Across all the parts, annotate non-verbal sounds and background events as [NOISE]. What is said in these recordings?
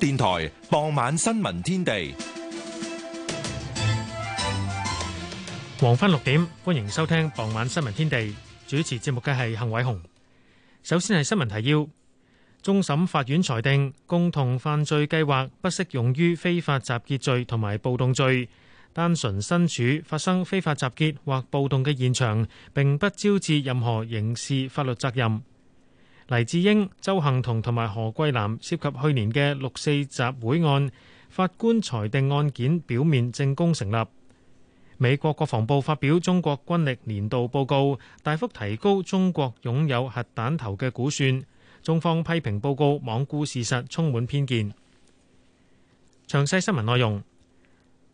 電台傍晚新聞天地，黃昏六點，歡迎收聽傍晚新聞天地。主持節目嘅係幸偉雄。首先係新聞提要：終審法院裁定，共同犯罪計劃不適用於非法集結罪同埋暴動罪。單純身處發生非法集結或暴動嘅現場，並不招致任何刑事法律責任。黎智英、鄒幸彤同埋何桂藍涉及去年嘅六四集會案，法官裁定案件表面證供成立。美國國防部發表中國軍力年度報告，大幅提高中國擁有核彈頭嘅估算，中方批評報告罔顧事實，充滿偏見。詳細新聞內容。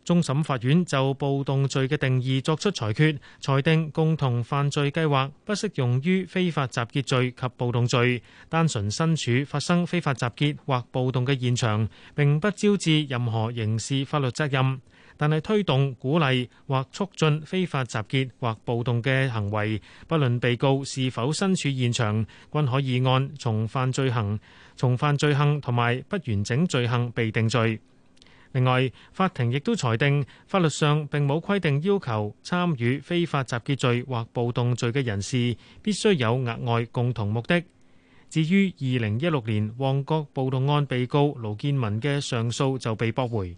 終審法院就暴動罪嘅定義作出裁決，裁定共同犯罪計劃不適用於非法集結罪及暴動罪；單純身處發生非法集結或暴動嘅現場，並不招致任何刑事法律責任。但係推動、鼓勵或促進非法集結或暴動嘅行為，不論被告是否身處現場，均可以按從犯罪行、從犯罪行同埋不完整罪行被定罪。另外，法庭亦都裁定，法律上並冇規定要求參與非法集結罪或暴動罪嘅人士必須有額外共同目的。至於二零一六年旺角暴動案被告盧建民嘅上訴就被駁回。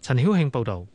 陳曉慶報道。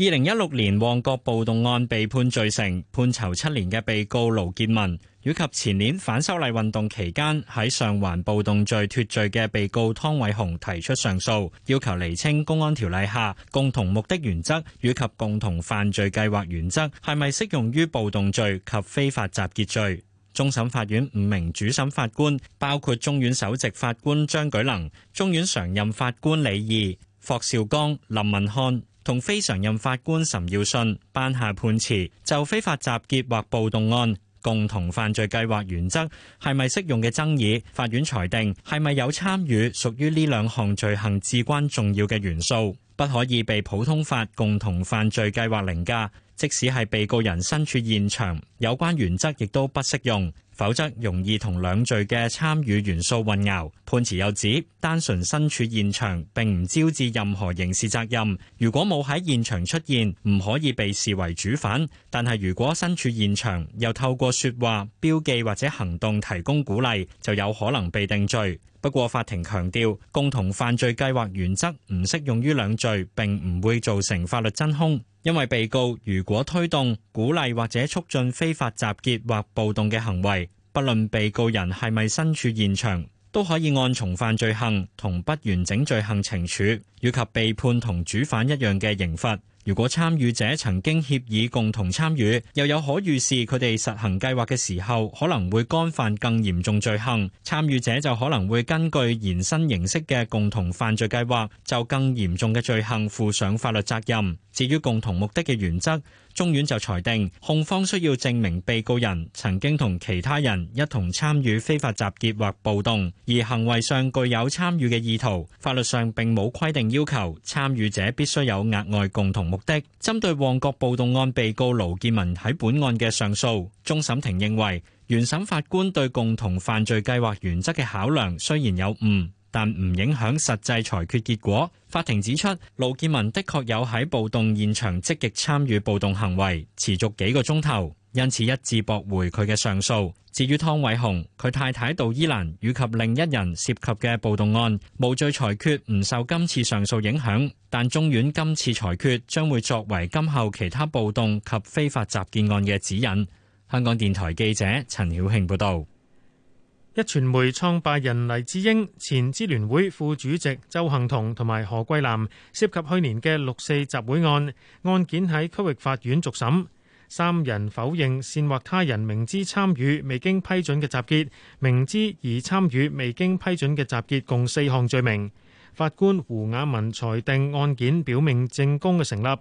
二零一六年旺角暴動案被判罪成，判囚七年嘅被告盧建文，以及前年反修例運動期間喺上環暴動罪脫罪嘅被告湯偉雄提出上訴，要求釐清《公安條例》下共同目的原則以及共同犯罪計劃原則係咪適用於暴動罪及非法集結罪。終審法院五名主審法官包括中院首席法官張舉能、中院常任法官李義、霍兆剛、林文漢。同非常任法官岑耀信頒下判詞，就非法集結或暴動案共同犯罪計劃原則係咪適用嘅爭議，法院裁定係咪有參與屬於呢兩項罪行至關重要嘅元素。不可以被普通法共同犯罪計劃凌駕，即使係被告人身處現場，有關原則亦都不適用，否則容易同兩罪嘅參與元素混淆。判詞又指，單純身處現場並唔招致任何刑事責任，如果冇喺現場出現，唔可以被視為主犯，但係如果身處現場又透過說話、標記或者行動提供鼓勵，就有可能被定罪。不過，法庭強調共同犯罪計劃原則唔適用於兩罪，並唔會造成法律真空，因為被告如果推動、鼓勵或者促進非法集結或暴動嘅行為，不論被告人係咪身處現場，都可以按從犯罪行同不完整罪行懲處，以及被判同主犯一樣嘅刑罰。如果參與者曾經協議共同參與，又有可預示佢哋實行計劃嘅時候，可能會干犯更嚴重罪行，參與者就可能會根據延伸形式嘅共同犯罪計劃，就更嚴重嘅罪行負上法律責任。至於共同目的嘅原則，中院就裁定，控方需要證明被告人曾經同其他人一同參與非法集結或暴動，而行為上具有參與嘅意圖，法律上並冇規定要求參與者必須有額外共同目的。針對旺角暴動案被告盧建文喺本案嘅上訴，終審庭認為原審法官對共同犯罪計劃原則嘅考量雖然有誤。但唔影響實際裁決結果。法庭指出，盧建文的確有喺暴動現場積極參與暴動行為，持續幾個鐘頭，因此一致駁回佢嘅上訴。至於湯偉雄、佢太太杜依蘭以及另一人涉及嘅暴動案，無罪裁決唔受今次上訴影響，但中院今次裁決將會作為今後其他暴動及非法集結案嘅指引。香港電台記者陳曉慶報導。一傳媒創辦人黎智英、前支聯會副主席周幸彤同埋何桂藍涉及去年嘅六四集會案，案件喺區域法院續審，三人否認煽惑他人明知參與未經批准嘅集結，明知而參與未經批准嘅集結，共四項罪名。法官胡雅文裁定案件表明證供嘅成立，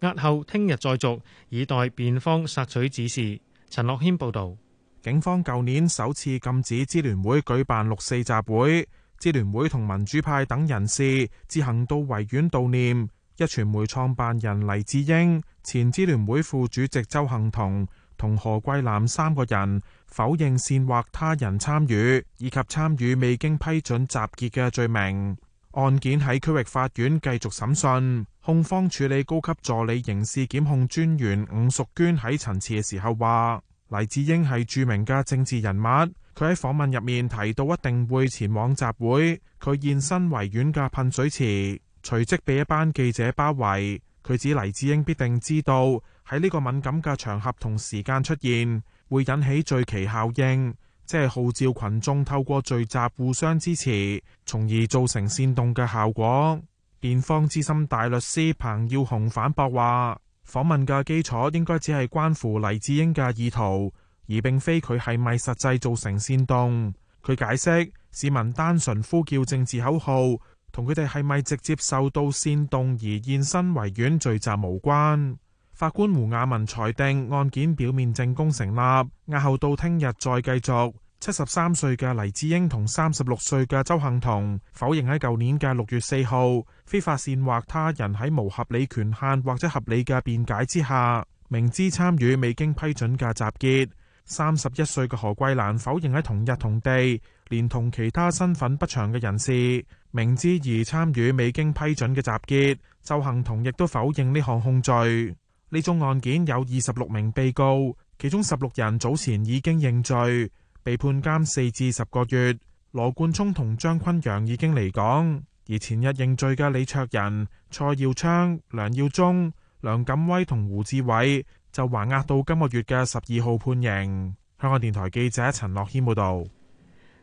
押後聽日再續，以待辯方索取指示。陳樂謙報道。警方舊年首次禁止支聯會舉辦六四集會，支聯會同民主派等人士自行到維園悼念。壹傳媒創辦人黎智英、前支聯會副主席鄒幸彤同何桂藍三個人否認煽惑他人參與以及參與未經批准集結嘅罪名。案件喺區域法院繼續審訊，控方署理高級助理刑事檢控專員伍淑娟喺陳詞嘅時候話。黎智英係著名嘅政治人物，佢喺訪問入面提到一定會前往集會。佢現身維園嘅噴水池，隨即俾一班記者包圍。佢指黎智英必定知道喺呢個敏感嘅場合同時間出現，會引起聚奇效應，即係號召群眾透過聚集互相支持，從而造成煽動嘅效果。辯方資深大律師彭耀雄反駁話。訪問嘅基礎應該只係關乎黎智英嘅意圖，而並非佢係咪實際造成煽動。佢解釋，市民單純呼叫政治口號，同佢哋係咪直接受到煽動而現身維園聚集無關。法官胡雅文裁定案件表面證供成立，押後到聽日再繼續。七十三歲嘅黎智英同三十六歲嘅鄒幸彤否認喺舊年嘅六月四號非法煽惑他人喺無合理權限或者合理嘅辯解之下，明知參與未經批准嘅集結。三十一歲嘅何桂蘭否認喺同日同地連同其他身份不詳嘅人士明知而參與未經批准嘅集結。鄒幸彤亦都否認呢項控罪。呢 [NOISE] 宗案件有二十六名被告，其中十六人早前已經認罪。被判監四至十個月，羅冠聰同張坤陽已經離港，而前日認罪嘅李卓人、蔡耀昌、梁耀忠、梁錦威同胡志偉就還押到今個月嘅十二號判刑。香港電台記者陳樂謙報道。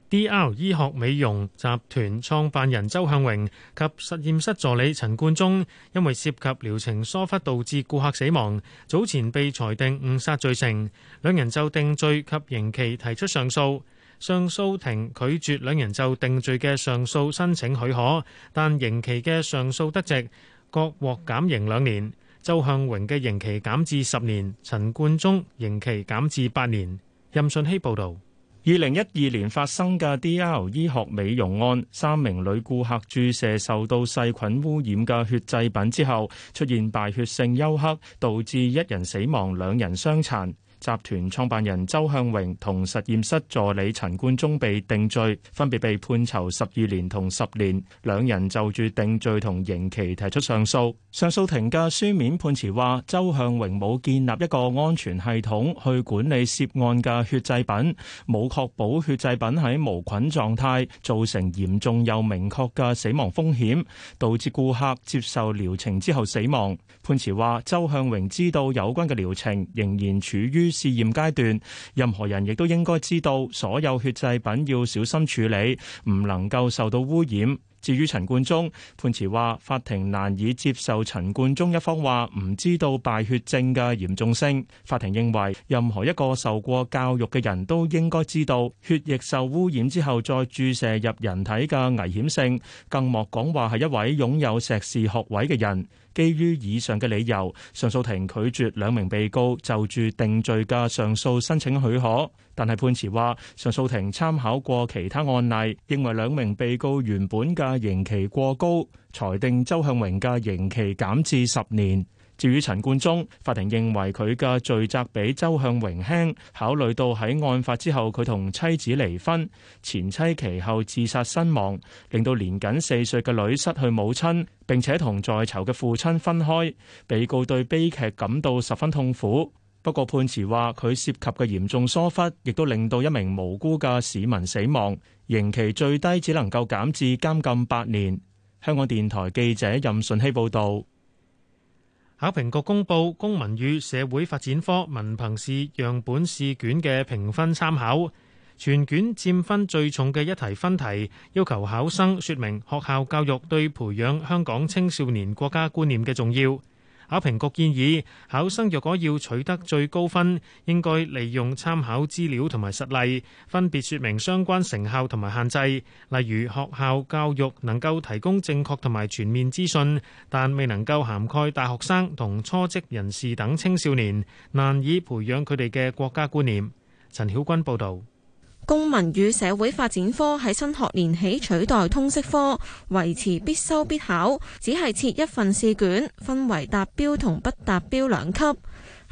DR 醫學美容集團創辦人周向榮及實驗室助理陳冠中，因為涉及療程疏忽導致顧客死亡，早前被裁定誤殺罪成。兩人就定罪及刑期提出上訴，上訴庭拒絕兩人就定罪嘅上訴申請許可，但刑期嘅上訴得直，各獲減刑兩年。周向榮嘅刑期減至十年，陳冠中刑期減至八年。任信希報道。二零一二年發生嘅 DR 醫學美容案，三名女顧客注射受到細菌污染嘅血製品之後，出現敗血性休克，導致一人死亡，兩人傷殘。集團創辦人周向榮同實驗室助理陳冠中被定罪，分別被判囚十二年同十年。兩人就住定罪同刑期提出上訴。上訴庭嘅書面判詞話：周向榮冇建立一個安全系統去管理涉案嘅血製品，冇確保血製品喺無菌狀態，造成嚴重又明確嘅死亡風險，導致顧客接受療程之後死亡。判詞話：周向榮知道有關嘅療程仍然處於。試驗階段，任何人亦都應該知道，所有血製品要小心處理，唔能夠受到污染。至於陳冠中，判詞話法庭難以接受陳冠中一方話唔知道敗血症嘅嚴重性。法庭認為，任何一個受過教育嘅人都應該知道血液受污染之後再注射入人體嘅危險性，更莫講話係一位擁有碩士學位嘅人。基於以上嘅理由，上訴庭拒絕兩名被告就住定罪嘅上訴申請許可。但係判詞話，上訴庭參考過其他案例，認為兩名被告原本嘅刑期過高，裁定周向榮嘅刑期減至十年。至於陳冠中，法庭認為佢嘅罪責比周向榮輕，考慮到喺案發之後佢同妻子離婚，前妻其後自殺身亡，令到年僅四歲嘅女失去母親，並且同在囚嘅父親分開。被告對悲劇感到十分痛苦。不過判詞話佢涉及嘅嚴重疏忽，亦都令到一名無辜嘅市民死亡，刑期最低只能夠減至監禁八年。香港電台記者任順希報導。考評局公佈公民與社會發展科文憑試樣本試卷嘅評分參考，全卷佔分最重嘅一題分題，要求考生説明學校教育對培養香港青少年國家觀念嘅重要。考評局建議考生，若果要取得最高分，應該利用參考資料同埋實例，分別説明相關成效同埋限制。例如學校教育能夠提供正確同埋全面資訊，但未能夠涵蓋大學生同初職人士等青少年難以培養佢哋嘅國家觀念。陳曉君報道。公民與社會發展科喺新學年起取代通識科，維持必修必考，只係設一份試卷，分為達標同不達標兩級。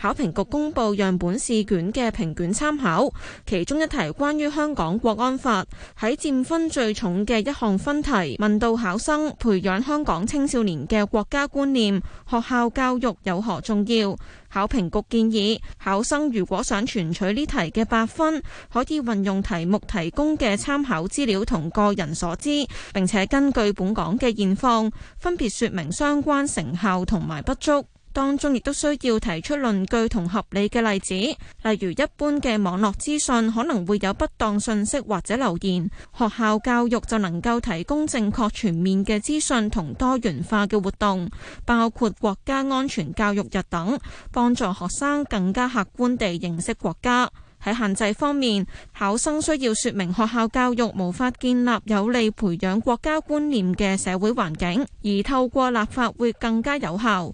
考評局公布樣本試卷嘅評卷參考，其中一題關於香港國安法，喺佔分最重嘅一項分題，問到考生培養香港青少年嘅國家觀念，學校教育有何重要？考評局建議考生如果想全取呢題嘅八分，可以運用題目提供嘅參考資料同個人所知，並且根據本港嘅現況，分別說明相關成效同埋不足。當中亦都需要提出論據同合理嘅例子，例如一般嘅網絡資訊可能會有不當信息，或者留言。學校教育就能夠提供正確全面嘅資訊同多元化嘅活動，包括國家安全教育日等，幫助學生更加客觀地認識國家。喺限制方面，考生需要說明學校教育無法建立有利培養國家觀念嘅社會環境，而透過立法會更加有效。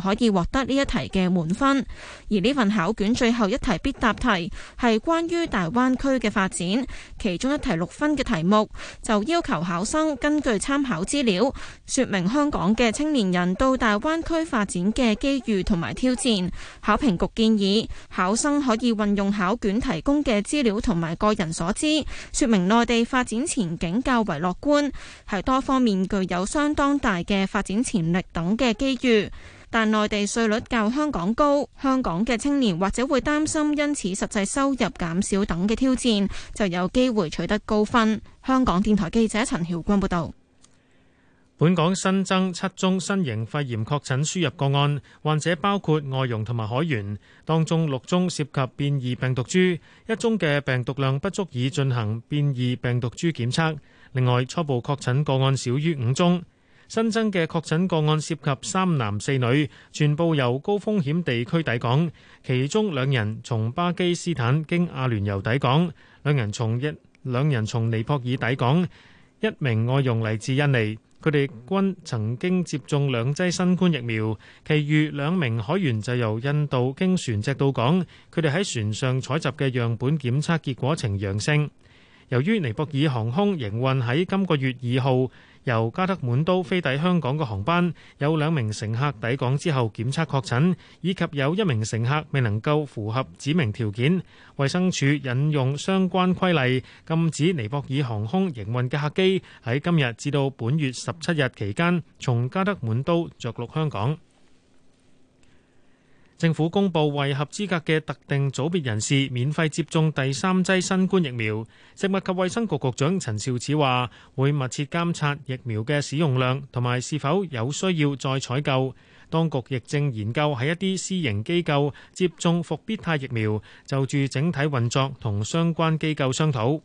可以獲得呢一題嘅滿分，而呢份考卷最後一題必答題係關於大灣區嘅發展。其中一題六分嘅題目，就要求考生根據參考資料，說明香港嘅青年人到大灣區發展嘅機遇同埋挑戰。考評局建議，考生可以運用考卷提供嘅資料同埋個人所知，說明內地發展前景較為樂觀，係多方面具有相當大嘅發展潛力等嘅機遇。但內地稅率較香港高，香港嘅青年或者會擔心因此實際收入減少等嘅挑戰，就有機會取得高分。香港電台記者陳曉君報導。本港新增七宗新型肺炎確診輸入個案，患者包括外傭同埋海員，當中六宗涉及變異病毒株，一宗嘅病毒量不足以進行變異病毒株檢測。另外，初步確診個案少於五宗。新增嘅確診個案涉及三男四女，全部由高風險地區抵港。其中兩人從巴基斯坦經阿聯酋抵港，兩人從一兩人從尼泊爾抵港，一名外傭嚟自印尼。佢哋均曾經接種兩劑新冠疫苗。其餘兩名海員就由印度經船隻到港，佢哋喺船上採集嘅樣本檢測結果呈陽性。由於尼泊爾航空營運喺今個月二號，由加德滿都飛抵香港嘅航班，有兩名乘客抵港之後檢測確診，以及有一名乘客未能夠符合指明條件。衛生署引用相關規例，禁止尼泊爾航空營運嘅客機，喺今日至到本月十七日期間從加德滿都着陸香港。政府公布為合資格嘅特定組別人士免費接種第三劑新冠疫苗。食物及衛生局局長陳肇始話：會密切監察疫苗嘅使用量同埋是否有需要再採購。當局亦正研究喺一啲私營機構接種復必泰疫苗，就住整體運作同相關機構商討。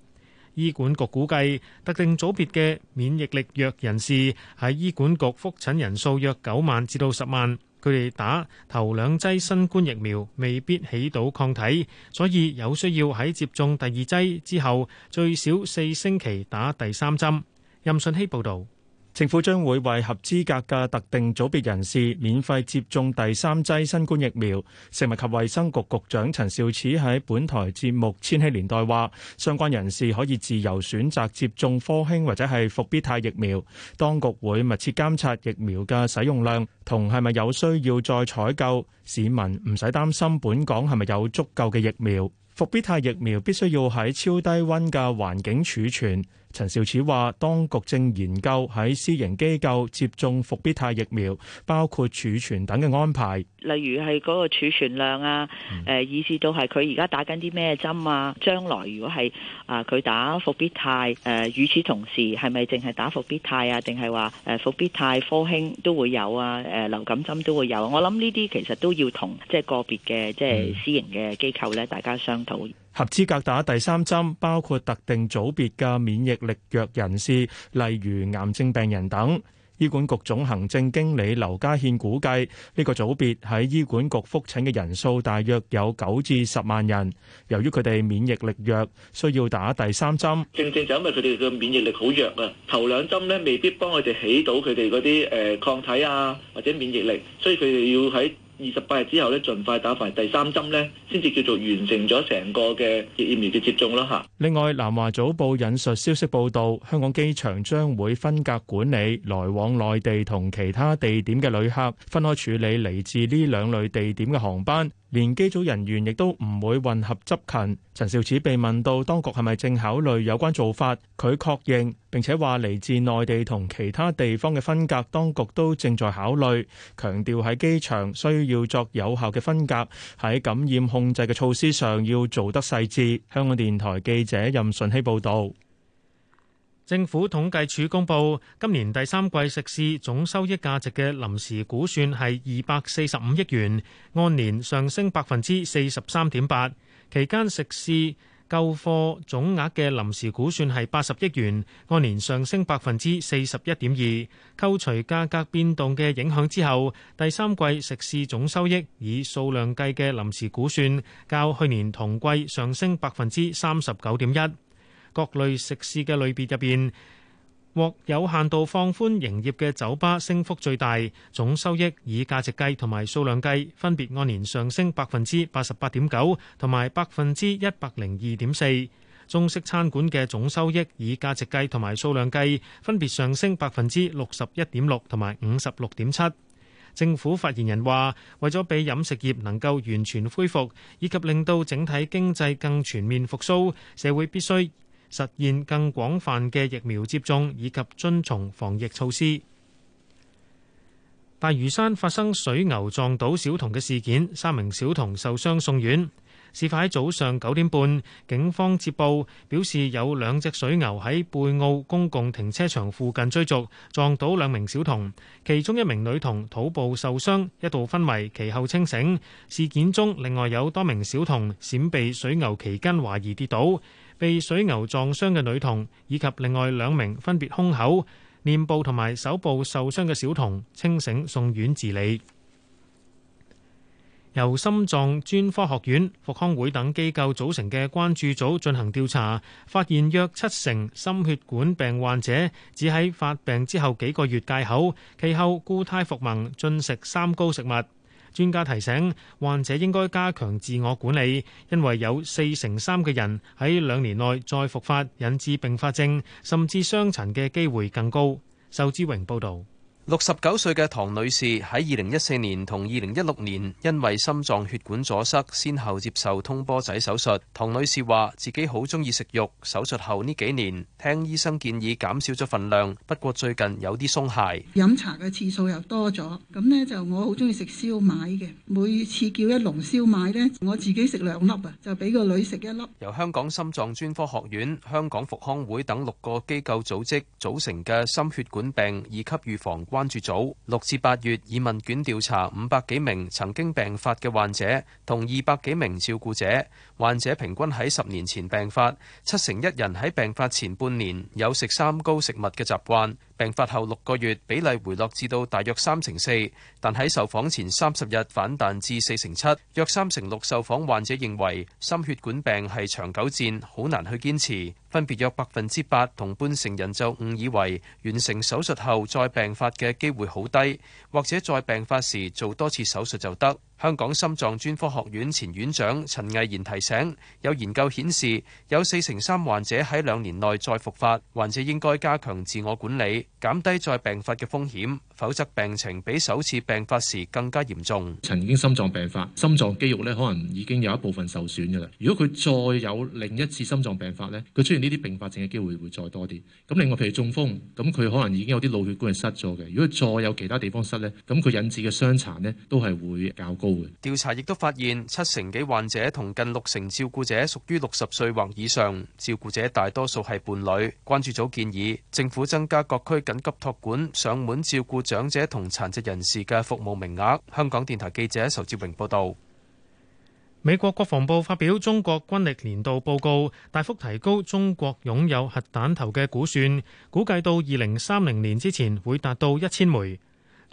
醫管局估計，特定組別嘅免疫力弱人士喺醫管局覆診人數約九萬至到十萬。佢哋打頭兩劑新冠疫苗未必起到抗體，所以有需要喺接種第二劑之後最少四星期打第三針。任信希報導。政府將會為合資格嘅特定組別人士免費接種第三劑新冠疫苗。食物及衛生局局長陳肇始喺本台節目《千禧年代》話，相關人士可以自由選擇接種科興或者係復必泰疫苗。當局會密切監察疫苗嘅使用量，同係咪有需要再採購。市民唔使擔心本港係咪有足夠嘅疫苗。復必泰疫苗必須要喺超低溫嘅環境儲存。陳肇始話：當局正研究喺私營機構接種復必泰疫苗，包括儲存等嘅安排。例如係嗰個儲存量啊，誒、嗯呃，以至到係佢而家打緊啲咩針啊？將來如果係啊，佢、呃、打復必泰，誒、呃，與此同時係咪淨係打復必泰啊？定係話誒，復必泰科興都會有啊？誒、呃，流感針都會有。我諗呢啲其實都要同即係個別嘅即係私營嘅機構咧，大家商討。嗯呃合資格打第三針，包括特定組別嘅免疫力弱人士，例如癌症病人等。醫管局總行政經理劉家憲估計，呢個組別喺醫管局覆診嘅人數大約有九至十萬人。由於佢哋免疫力弱，需要打第三針。正正就因為佢哋嘅免疫力好弱啊，頭兩針呢，未必幫佢哋起到佢哋嗰啲誒，抗體啊，或者免疫力，所以佢哋要喺二十八日之後咧，盡快打完第三針咧，先至叫做完成咗成個嘅疫苗嘅接種咯嚇。另外，南華早報引述消息報道，香港機場將會分隔管理來往內地同其他地點嘅旅客，分開處理嚟自呢兩類地點嘅航班。連機組人員亦都唔會混合執勤。陳肇始被問到當局係咪正考慮有關做法，佢確認並且話嚟自內地同其他地方嘅分隔，當局都正在考慮。強調喺機場需要作有效嘅分隔，喺感染控制嘅措施上要做得細緻。香港電台記者任順希報導。政府統計處公布，今年第三季食肆總收益價值嘅臨時估算係二百四十五億元，按年上升百分之四十三點八。期間食肆購貨總額嘅臨時估算係八十億元，按年上升百分之四十一點二。扣除價格變動嘅影響之後，第三季食肆總收益以數量計嘅臨時估算，較去年同季上升百分之三十九點一。各類食肆嘅類別入面獲有限度放寬營業嘅酒吧升幅最大，總收益以價值計同埋數量計分別按年上升百分之八十八點九同埋百分之一百零二點四。中式餐館嘅總收益以價值計同埋數量計分別上升百分之六十一點六同埋五十六點七。政府發言人話：為咗俾飲食業能夠完全恢復，以及令到整體經濟更全面復甦，社會必須實現更廣泛嘅疫苗接種以及遵從防疫措施。大嶼山發生水牛撞倒小童嘅事件，三名小童受傷送院。事發喺早上九點半，警方接報表示有兩隻水牛喺貝澳公共停車場附近追逐，撞倒兩名小童，其中一名女童肚部受傷，一度昏迷，其後清醒。事件中另外有多名小童閃避水牛期間，懷疑跌倒。被水牛撞傷嘅女童，以及另外兩名分別胸口、面部同埋手部受傷嘅小童，清醒送院治理。由心臟專科學院、復康會等機構組成嘅關注組進行調查，發現約七成心血管病患者只喺發病之後幾個月戒口，其後故態復萌，進食三高食物。專家提醒，患者應該加強自我管理，因為有四成三嘅人喺兩年內再復發，引致併發症甚至傷殘嘅機會更高。仇志榮報導。六十九歲嘅唐女士喺二零一四年同二零一六年因為心臟血管阻塞，先後接受通波仔手術。唐女士話自己好中意食肉，手術後呢幾年聽醫生建議減少咗份量，不過最近有啲鬆懈，飲茶嘅次數又多咗。咁呢，就我好中意食燒賣嘅，每次叫一籠燒賣呢，我自己食兩粒啊，就俾個女食一粒。由香港心臟專科學院、香港復康會等六個機構組織組成嘅心血管病二級預防。關注組六至八月以問卷調查五百幾名曾經病發嘅患者同二百幾名照顧者，患者平均喺十年前病發，七成一人喺病發前半年有食三高食物嘅習慣，病發後六個月比例回落至到大約三成四，但喺受訪前三十日反彈至四成七，約三成六受訪患者認為心血管病係長久戰，好難去堅持。分別約百分之八同半成人就誤以為完成手術後再病發嘅機會好低，或者再病發時做多次手術就得。香港心臟專科學院前院長陳毅賢提醒：有研究顯示，有四成三患者喺兩年內再復發，患者應該加強自我管理，減低再病發嘅風險，否則病情比首次病發時更加嚴重。曾經心臟病發，心臟肌肉呢可能已經有一部分受損噶啦。如果佢再有另一次心臟病發呢，佢出現呢啲併發症嘅機會會再多啲。咁另外譬如中風，咁佢可能已經有啲腦血管係塞咗嘅。如果再有其他地方塞呢，咁佢引致嘅傷殘呢都係會較高。調查亦都發現，七成幾患者同近六成照顧者屬於六十歲或以上，照顧者大多數係伴侶。關注組建議政府增加各區緊急託管、上門照顧長者同殘疾人士嘅服務名額。香港電台記者仇志榮報道。美國國防部發表中國軍力年度報告，大幅提高中國擁有核彈頭嘅估算，估計到二零三零年之前會達到一千枚。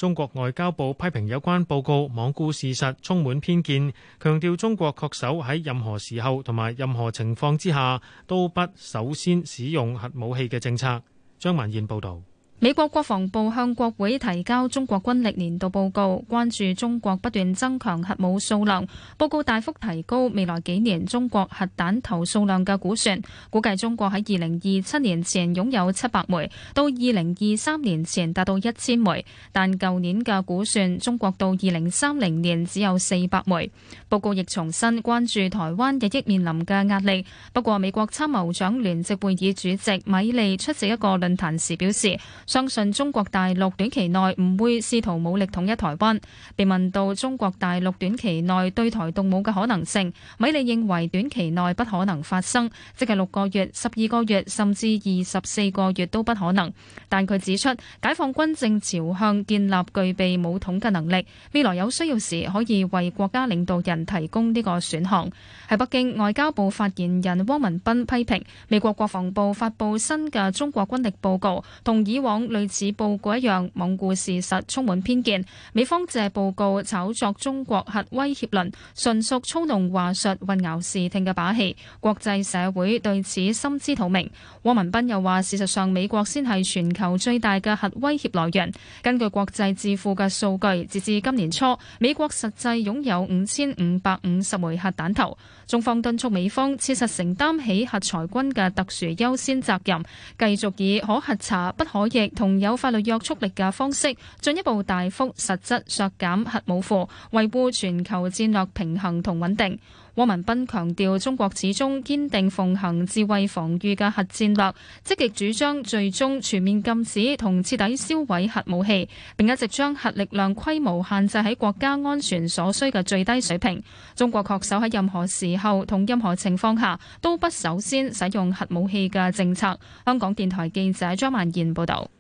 中國外交部批評有關報告罔顧事實，充滿偏見，強調中國恪守喺任何時候同埋任何情況之下都不首先使用核武器嘅政策。張文燕報導。美國國防部向國會提交中國軍力年度報告，關注中國不斷增強核武數量。報告大幅提高未來幾年中國核彈頭數量嘅估算，估計中國喺二零二七年前擁有七百枚，到二零二三年前達到一千枚。但舊年嘅估算，中國到二零三零年只有四百枚。報告亦重新關注台灣日益面臨嘅壓力。不過，美國參謀長聯席會議主席米利出席一個論壇時表示。相信中國大陸短期內唔會試圖武力統一台灣。被問到中國大陸短期內對台動武嘅可能性，米利認為短期內不可能發生，即係六個月、十二個月甚至二十四個月都不可能。但佢指出，解放軍正朝向建立具備武統嘅能力，未來有需要時可以為國家領導人提供呢個選項。喺北京，外交部發言人汪文斌批評美國國防部發布新嘅中國軍力報告，同以往類似報告一樣罔顧事實，充滿偏見。美方借報告炒作中國核威脅論，純屬操弄話術、混淆視聽嘅把戲。國際社會對此心知肚明。汪文斌又話，事實上美國先係全球最大嘅核威脅來源。根據國際智庫嘅數據，截至今年初，美國實際擁有五千五百五十枚核彈頭。中方敦促美方切實承擔起核裁軍嘅特殊優先責任，繼續以可核查、不可逆，同有法律約束力嘅方式，進一步大幅實質削減核武庫，維護全球戰略平衡同穩定。汪文斌強調，中國始終堅定奉行智慧防御嘅核戰略，積極主張最終全面禁止同徹底銷毀核武器。並一直將核力量規模限制喺國家安全所需嘅最低水平。中國確守喺任何時候同任何情況下都不首先使用核武器嘅政策。香港電台記者張曼燕報道。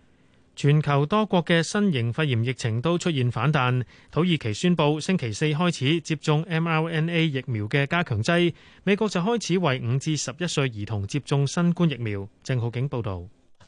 全球多國嘅新型肺炎疫情都出現反彈。土耳其宣布星期四開始接種 mRNA 疫苗嘅加強劑，美國就開始為五至十一歲兒童接種新冠疫苗。鄭浩景報道。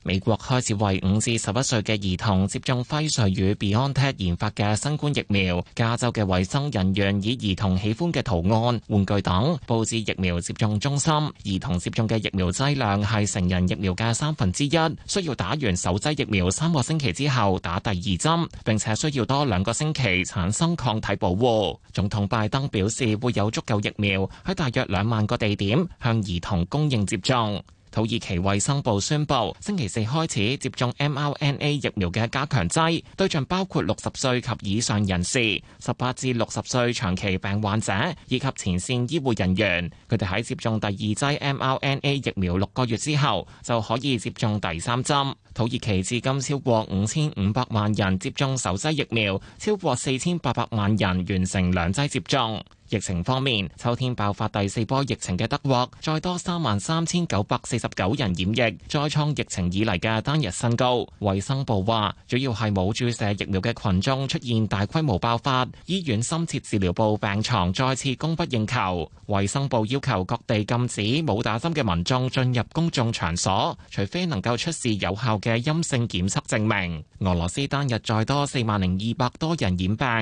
美國開始為五至十一歲嘅兒童接種輝瑞與 BioNTech 研發嘅新冠疫苗。加州嘅衞生人員以兒童喜歡嘅圖案、玩具等佈置疫苗接種中心。兒童接種嘅疫苗劑量係成人疫苗嘅三分之一，需要打完首劑疫苗三個星期之後打第二針，並且需要多兩個星期產生抗體保護。總統拜登表示會有足夠疫苗喺大約兩萬個地點向兒童供應接種。土耳其衞生部宣布，星期四開始接種 mRNA 疫苗嘅加強劑，對象包括六十歲及以上人士、十八至六十歲長期病患者以及前線醫護人員。佢哋喺接種第二劑 mRNA 疫苗六個月之後，就可以接種第三針。土耳其至今超過五千五百萬人接種首劑疫苗，超過四千八百萬人完成兩劑接種。疫情方面，秋天爆發第四波疫情嘅德國，再多三萬三千九百四十九人染疫，再創疫情以嚟嘅單日新高。衛生部話，主要係冇注射疫苗嘅群眾出現大規模爆發，醫院深切治療部病床再次供不應求。衛生部要求各地禁止冇打針嘅民眾進入公眾場所，除非能夠出示有效嘅陰性檢測證明，俄羅斯單日再多四萬零二百多人染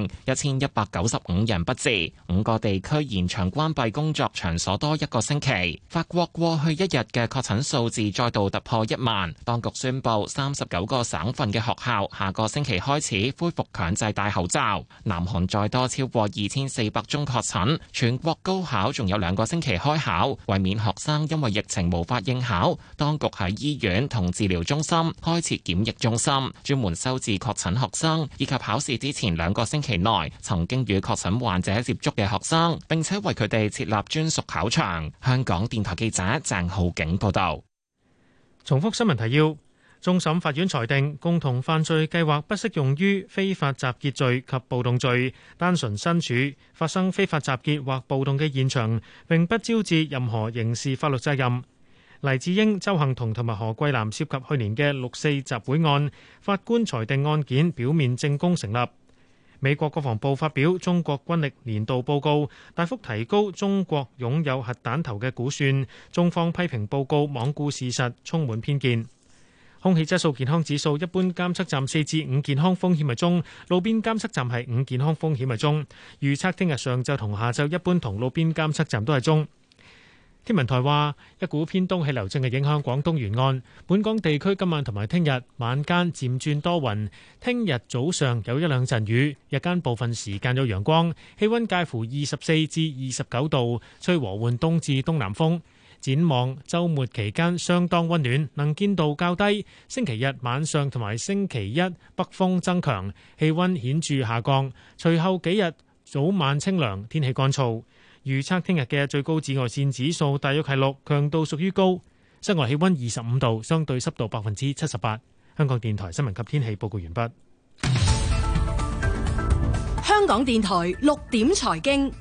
病，一千一百九十五人不治。五個地區延長關閉工作場所多一個星期。法國過去一日嘅確診數字再度突破一萬，當局宣布三十九個省份嘅學校下個星期開始恢復強制戴口罩。南韓再多超過二千四百宗確診，全國高考仲有兩個星期開考，為免學生因為疫情無法應考，當局喺醫院同治療中心。開設檢疫中心，專門收治確診學生，以及考試之前兩個星期內曾經與確診患者接觸嘅學生，並且為佢哋設立專屬考場。香港電台記者鄭浩景報道。重複新聞提要，終審法院裁定，共同犯罪計劃不適用於非法集結罪及暴動罪，單純身處發生非法集結或暴動嘅現場，並不招致任何刑事法律責任。黎智英、周幸彤同埋何桂藍涉及去年嘅六四集會案，法官裁定案件表面證供成立。美國國防部發表中國軍力年度報告，大幅提高中國擁有核彈頭嘅估算。中方批評報告罔顧事實，充滿偏見。空氣質素健康指數，一般監測站四至五健康風險為中，路邊監測站係五健康風險為中。預測聽日上晝同下晝，一般同路邊監測站都係中。天文台話一股偏東氣流正係影響廣東沿岸，本港地區今晚同埋聽日晚間漸轉多雲，聽日早上有一兩陣雨，日間部分時間有陽光，氣溫介乎二十四至二十九度，吹和緩東至東南風。展望，周末期間相當溫暖，能見度較低。星期日晚上同埋星期一北風增強，氣溫顯著下降，隨後幾日早晚清涼天氣乾燥。預測聽日嘅最高紫外線指數大約係六，強度屬於高。室外氣溫二十五度，相對濕度百分之七十八。香港電台新聞及天氣報告完畢。香港電台六點財經。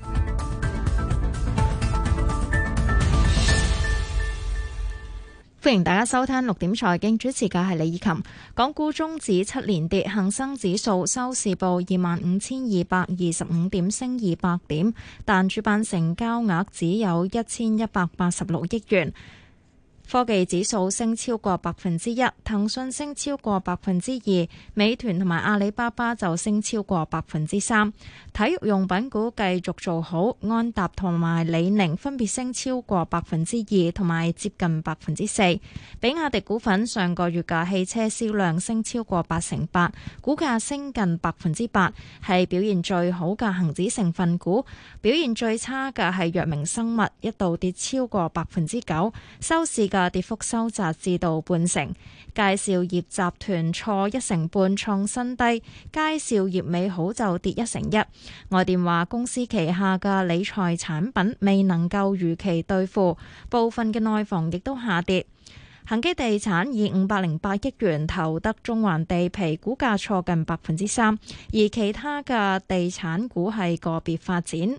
歡迎大家收聽六點財經，主持嘅係李以琴。港股中指七連跌，恒生指數收市報二萬五千二百二十五點，升二百點，但主板成交額只有一千一百八十六億元。科技指數升超過百分之一，騰訊升超過百分之二，美團同埋阿里巴巴就升超過百分之三。體育用品股繼續做好，安踏同埋李寧分別升超過百分之二同埋接近百分之四。比亞迪股份上個月嘅汽車銷量升超過八成八，股價升近百分之八，係表現最好嘅恒指成分股。表現最差嘅係藥明生物，一度跌超過百分之九，收市價嘅跌幅收窄至到半成，佳兆業集團挫一成半創新低，佳兆業美好就跌一成一。外電話公司旗下嘅理財產品未能夠如期兌付，部分嘅內房亦都下跌。恒基地產以五百零八億元投得中環地皮，股價挫近百分之三，而其他嘅地產股係個別發展。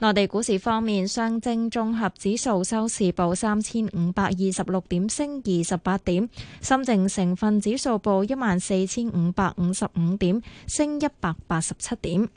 內地股市方面，上證綜合指數收市報三千五百二十六點，升二十八點；深證成分指數報一萬四千五百五十五點，升一百八十七點。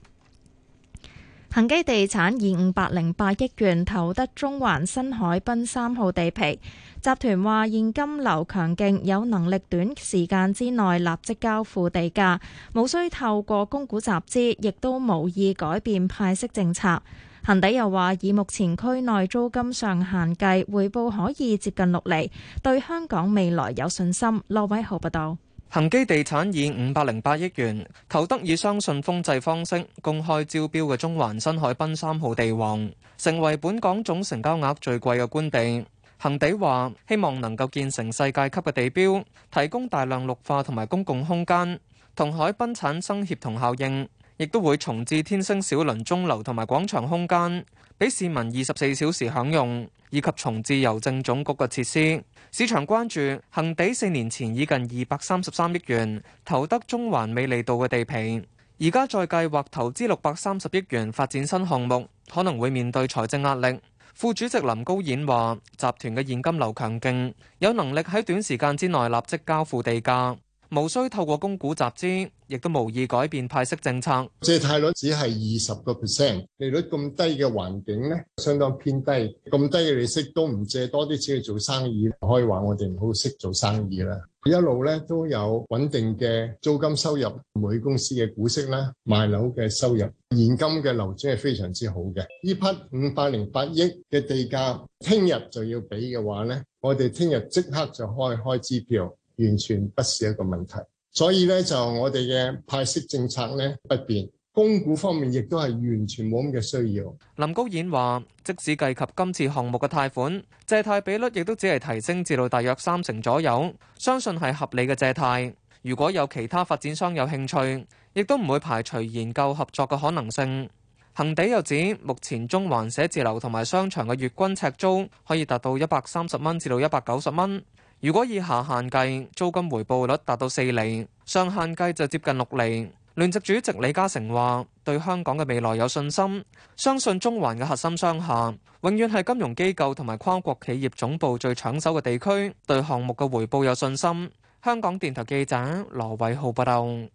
恒基地產以五百零八億元投得中環新海濱三號地皮，集團話現金流強勁，有能力短時間之內立即交付地價，無需透過供股集資，亦都無意改變派息政策。恒地又話，以目前區內租金上限計，回報可以接近六釐，對香港未來有信心。羅偉豪報道，恒基地產以五百零八億元投得以雙信封制方式公開招標嘅中環新海濱三號地王，成為本港總成交額最貴嘅官地。恒地話，希望能夠建成世界級嘅地標，提供大量綠化同埋公共空間，同海濱產生協同效應。亦都會重置天星小輪鐘樓同埋廣場空間，俾市民二十四小時享用，以及重置郵政總局嘅設施。市場關注恒地四年前以近二百三十三億元投得中環美利道嘅地皮，而家再計劃投資六百三十億元發展新項目，可能會面對財政壓力。副主席林高演話：集團嘅現金流強勁，有能力喺短時間之內立即交付地價，無需透過供股集資，亦都無意改變派息政策。借貸率只係二十個 percent，利率咁低嘅環境咧，相當偏低。咁低嘅利息都唔借多啲錢去做生意。可以話我哋唔好識做生意啦。一路咧都有穩定嘅租金收入，每公司嘅股息咧，賣樓嘅收入，現金嘅流轉係非常之好嘅。呢批五百零八億嘅地價，聽日就要俾嘅話咧，我哋聽日即刻就開開支票。完全不是一個問題。所以咧就我哋嘅派息政策咧不變，供股方面亦都係完全冇咁嘅需要。林高演話，即使計及今次項目嘅貸款借貸比率，亦都只係提升至到大約三成左右，相信係合理嘅借貸，如果有其他發展商有興趣，亦都唔會排除研究合作嘅可能性。恒地又指，目前中環寫字樓同埋商場嘅月均尺租可以達到一百三十蚊至到一百九十蚊。如果以下限計租金回報率達到四厘，上限計就接近六厘，聯席主席李嘉誠話，對香港嘅未來有信心，相信中環嘅核心商廈永遠係金融機構同埋跨國企業總部最搶手嘅地區，對項目嘅回報有信心。香港電台記者羅偉浩報導。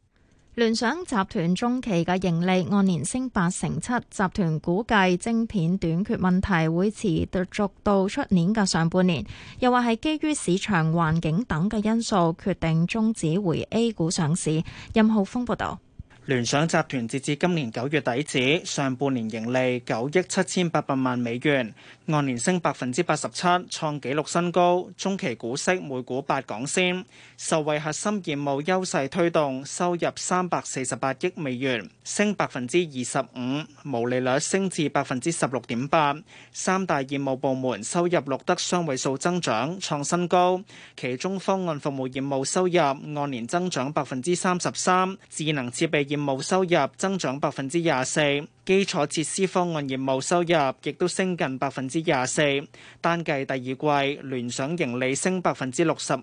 聯想集團中期嘅盈利按年升八成七，集團估計晶片短缺問題會持續到出年嘅上半年，又話係基於市場環境等嘅因素決定終止回 A 股上市。任浩峰報道。聯想集團截至今年九月底止，上半年盈利九億七千八百萬美元，按年升百分之八十七，創紀錄新高。中期股息每股八港仙，受惠核心業務優勢推動，收入三百四十八億美元，升百分之二十五，毛利率升至百分之十六點八。三大業務部門收入錄得雙位數增長，創新高。其中方案服務業務收入按年增長百分之三十三，智能設備業業務收入增長百分之廿四。基礎設施方案業務收入亦都升近百分之廿四，單計第二季聯想盈利升百分之六十五，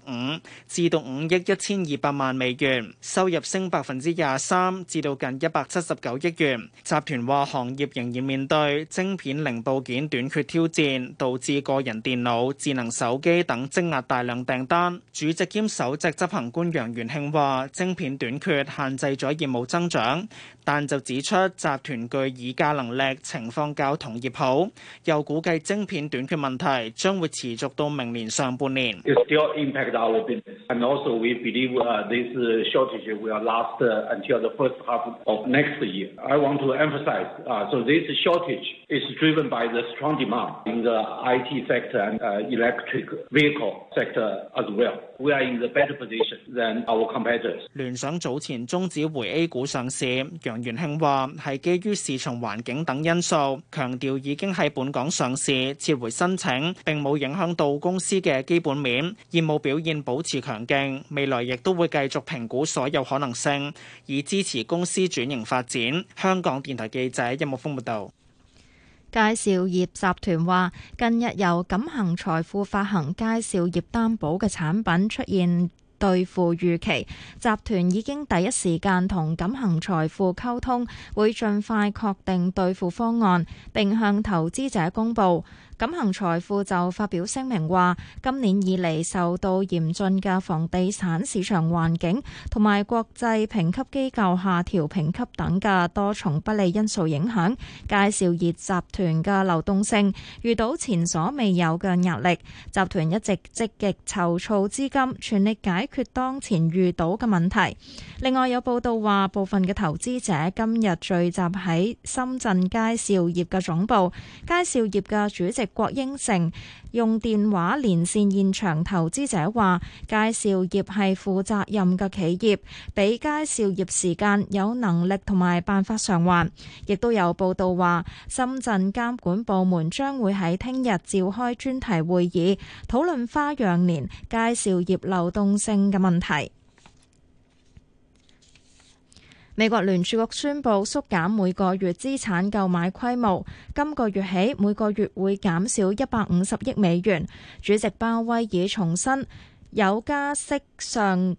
至到五億一千二百萬美元，收入升百分之廿三，至到近一百七十九億元。集團話行業仍然面對晶片零部件短缺挑戰，導致個人電腦、智能手機等積壓大量訂單。主席兼首席執行官楊元慶話：晶片短缺限制咗業務增長。但就指出集團具議價能力情況較同業好，又估計晶片短缺問題將會持續到明年上半年。聯想早前終止回 A 股上市梁元慶話，係基於市場環境等因素，強調已經喺本港上市撤回申請，並冇影響到公司嘅基本面，業務表現保持強勁，未來亦都會繼續評估所有可能性，以支持公司轉型發展。香港電台記者殷木鋒報道。佳兆業集團話，近日由錦恒財富發行佳兆業擔保嘅產品出現。兌付逾期，集團已經第一時間同錦恒財富溝通，會盡快確定兌付方案並向投資者公佈。錦恒財富就發表聲明話：今年以嚟受到嚴峻嘅房地產市場環境同埋國際評級機構下調評級等嘅多重不利因素影響，佳兆業集團嘅流動性遇到前所未有嘅壓力。集團一直積極籌措資金，全力解決當前遇到嘅問題。另外有報道話，部分嘅投資者今日聚集喺深圳佳兆業嘅總部，佳兆業嘅主席，郭英成用電話連線現場投資者話，佳兆業係負責任嘅企業，俾佳兆業時間，有能力同埋辦法償還。亦都有報道話，深圳監管部門將會喺聽日召開專題會議，討論花樣年佳兆業流動性嘅問題。美國聯儲局宣布縮減每個月資產購買規模，今個月起每個月會減少一百五十億美元。主席鮑威爾重申，有加息上，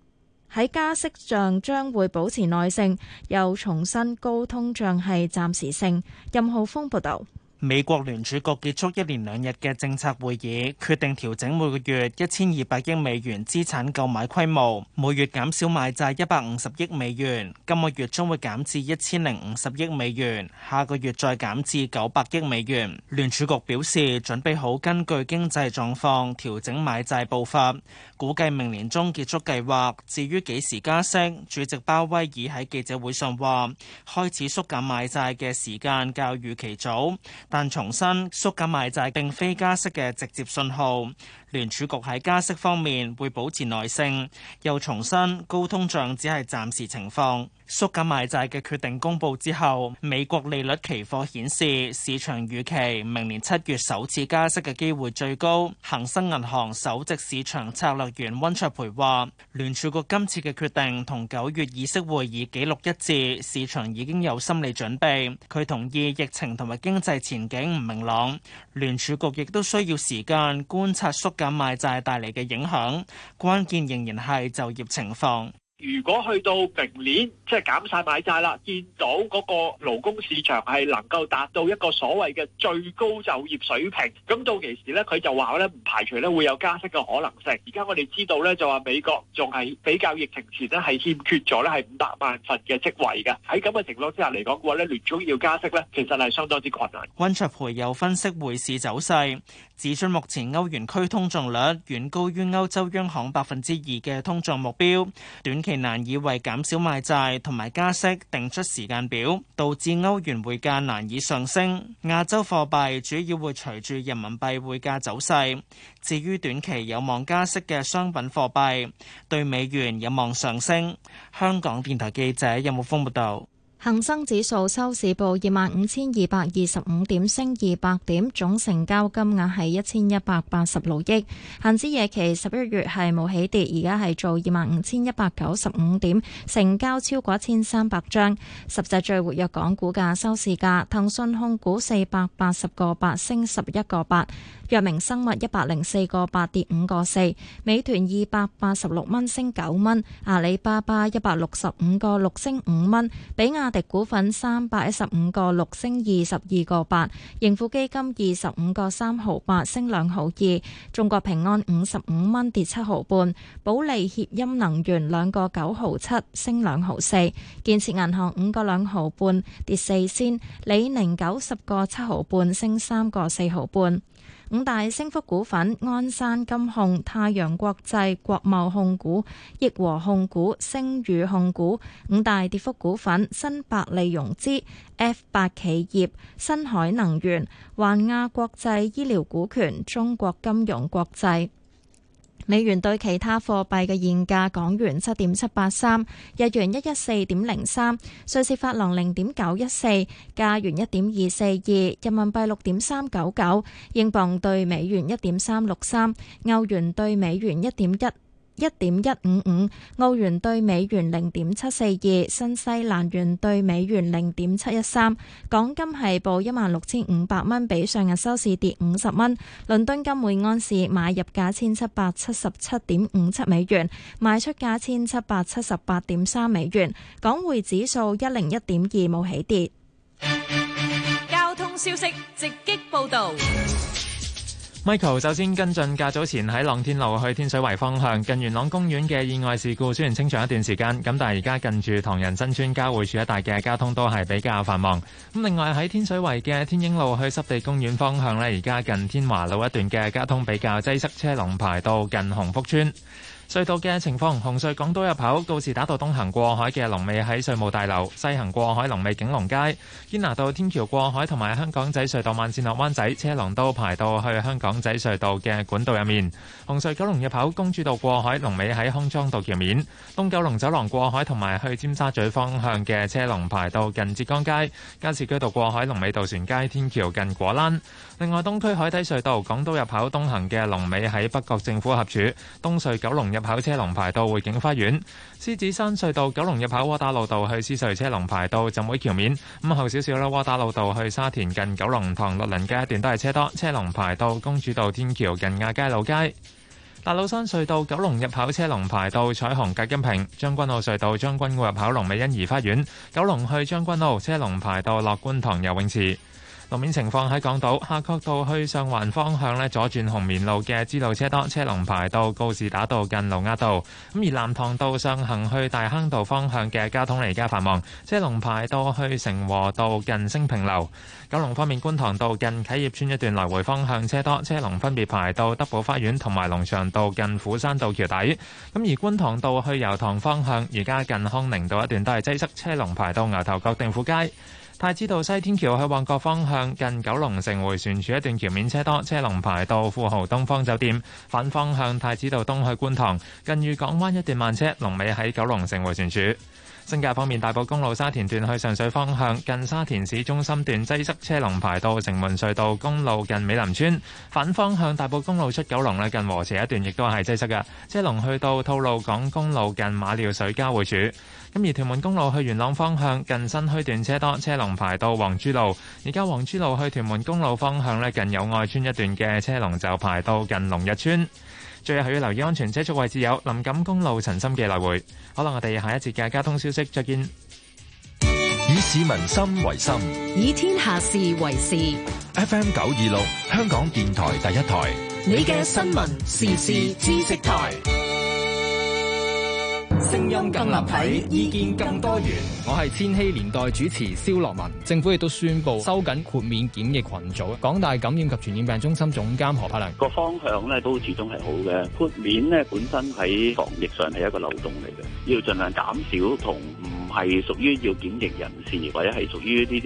喺加息上將會保持耐性，又重申高通脹係暫時性。任浩峰報道。美國聯儲局結束一連兩日嘅政策會議，決定調整每個月一千二百億美元資產購買規模，每月減少買債一百五十億美元，今個月將會減至一千零五十億美元，下個月再減至九百億美元。聯儲局表示，準備好根據經濟狀況調整買債步伐，估計明年中結束計劃。至於幾時加息，主席鮑威爾喺記者會上話，開始縮減買債嘅時間較預期早。但重申縮減賣債並非加息嘅直接信號，聯儲局喺加息方面會保持耐性。又重申高通脹只係暫時情況，縮減賣債嘅決定公佈之後，美國利率期貨顯示市場預期明年七月首次加息嘅機會最高。恒生銀行首席市場策略員溫卓培話，聯儲局今次嘅決定同九月議息會議紀錄一致，市場已經有心理準備，佢同意疫情同埋經濟前境唔明朗，聯儲局亦都需要時間觀察縮減買債帶嚟嘅影響，關鍵仍然係就業情況。如果去到明年，即係減晒買債啦，見到嗰個勞工市場係能夠達到一個所謂嘅最高就業水平，咁到期時咧，佢就話咧唔排除咧會有加息嘅可能性。而家我哋知道咧，就話美國仲係比較疫情前咧係欠缺咗咧係五百萬份嘅職位嘅。喺咁嘅情況之下嚟講嘅話咧，聯儲要加息咧，其實係相當之困難。溫卓培又分析匯市走勢，指出目前歐元區通脹率遠高於歐洲央行百分之二嘅通脹目標，短期，難以為減少賣債同埋加息定出時間表，導致歐元匯價難以上升。亞洲貨幣主要會隨住人民幣匯價走勢。至於短期有望加息嘅商品貨幣，對美元有望上升。香港電台記者任木峰報道。恒生指數收市報二萬五千二百二十五點，升二百點，總成交金額係一千一百八十六億。恒指夜期十一月係冇起跌，而家係做二萬五千一百九十五點，成交超過一千三百張。十隻最活躍港股價收市價，騰訊控股四百八十個八，升十一個八。藥明生物一百零四個八跌五個四，美團二百八十六蚊升九蚊，阿里巴巴一百六十五個六升五蚊，比亞迪股份三百一十五個六升二十二個八，盈富基金二十五個三毫八升兩毫二，中國平安五十五蚊跌七毫半，保利協鑫能源兩個九毫七升兩毫四，建設銀行五個兩毫半跌四仙，李寧九十個七毫半升三個四毫半。五大升幅股份：鞍山金控、太陽國際、國貿控股、益和控股、星宇控股；五大跌幅股份：新百利融資、F 八企業、新海能源、環亞國際醫療股權、中國金融國際。美元兌其他貨幣嘅現價：港元七點七八三，日元一一四點零三，瑞士法郎零點九一四，加元一點二四二，人民幣六點三九九，英鎊對美元一點三六三，歐元對美元一點一。一點一五五，澳元兌美元零點七四二，新西蘭元兌美元零點七一三。港金係報一萬六千五百蚊，比上日收市跌五十蚊。倫敦金每安士買入價千七百七十七點五七美元，賣出價千七百七十八點三美元。港匯指數一零一點二，冇起跌。交通消息，直擊報道。Michael 首先跟進，較早前喺朗天路去天水圍方向，近元朗公園嘅意外事故雖然清場一段時間，咁但係而家近住唐人新村交匯處一帶嘅交通都係比較繁忙。咁另外喺天水圍嘅天英路去濕地公園方向咧，而家近天華路一段嘅交通比較擠塞，車龍排到近洪福村。隧道嘅情況，紅隧港島入口告士打道東行過海嘅龍尾喺稅務大樓；西行過海龍尾景隆街。堅拿道天橋過海同埋香港仔隧道慢線落灣仔車龍都排到去香港仔隧道嘅管道入面。紅隧九龍入口公主道過海龍尾喺康莊道橋面。東九龍走廊過海同埋去尖沙咀方向嘅車龍排到近浙江街。加士居道過海龍尾渡船街天橋近果欄。另外，東區海底隧道港島入口東行嘅龍尾喺北角政府合署。東隧九龍入入口車龍排到匯景花園，獅子山隧道九龍入口窩打老道去獅隧車龍排到浸會橋面，咁、嗯、後少少啦窩打老道去沙田近九龍塘落鄰街一段都係車多，車龍排到公主道天橋近亞皆老街，大老山隧道九龍入口車龍排到彩虹隔音屏，將軍澳隧道將軍澳入口龍尾欣怡花園，九龍去將軍澳車龍排到樂觀塘游泳池。路面情況喺港島夏慤道去上環方向咧，左轉紅棉路嘅支路車多，車龍排到告士打道近盧押道。咁而南塘道上行去大坑道方向嘅交通而家繁忙，車龍排到去成和道近升平樓。九龍方面，觀塘道近啟業村一段來回方向車多，車龍分別排到德寶花園同埋龍翔道近斧山道橋底。咁而觀塘道去油塘方向，而家近康寧道一段都係擠塞，車龍排到牛頭角定富街。太子道西天橋去旺角方向，近九龍城回旋處一段橋面車多，車龍排到富豪東方酒店。反方向太子道東去觀塘，近愉港灣一段慢車，龍尾喺九龍城回旋處。新界方面，大埔公路沙田段去上水方向，近沙田市中心段擠塞，車龍排到城門隧道公路近美林村。反方向大埔公路出九龍咧，近禾輋一段亦都係擠塞嘅，車龍去到吐露港公路近馬料水交匯處。咁而屯門公路去元朗方向，近新墟段車多，車龍排到黃珠路。而家黃珠路去屯門公路方向咧，近友愛村一段嘅車龍就排到近龍日村。最後要留意安全車速位置有林錦公路陳深嘅來回。好啦，我哋下一節嘅交通消息再見。以市民心為心，以天下事為事。FM 九二六，香港電台第一台，你嘅新聞時事知識台。聲音更立體，意見更多元。我係千禧年代主持肖樂文。政府亦都宣布收緊豁免檢疫群組。港大感染及傳染病中心總監何柏良個方向咧都始終係好嘅。豁免咧本身喺防疫上係一個漏洞嚟嘅，要盡量減少同唔係屬於要檢疫人士或者係屬於一啲。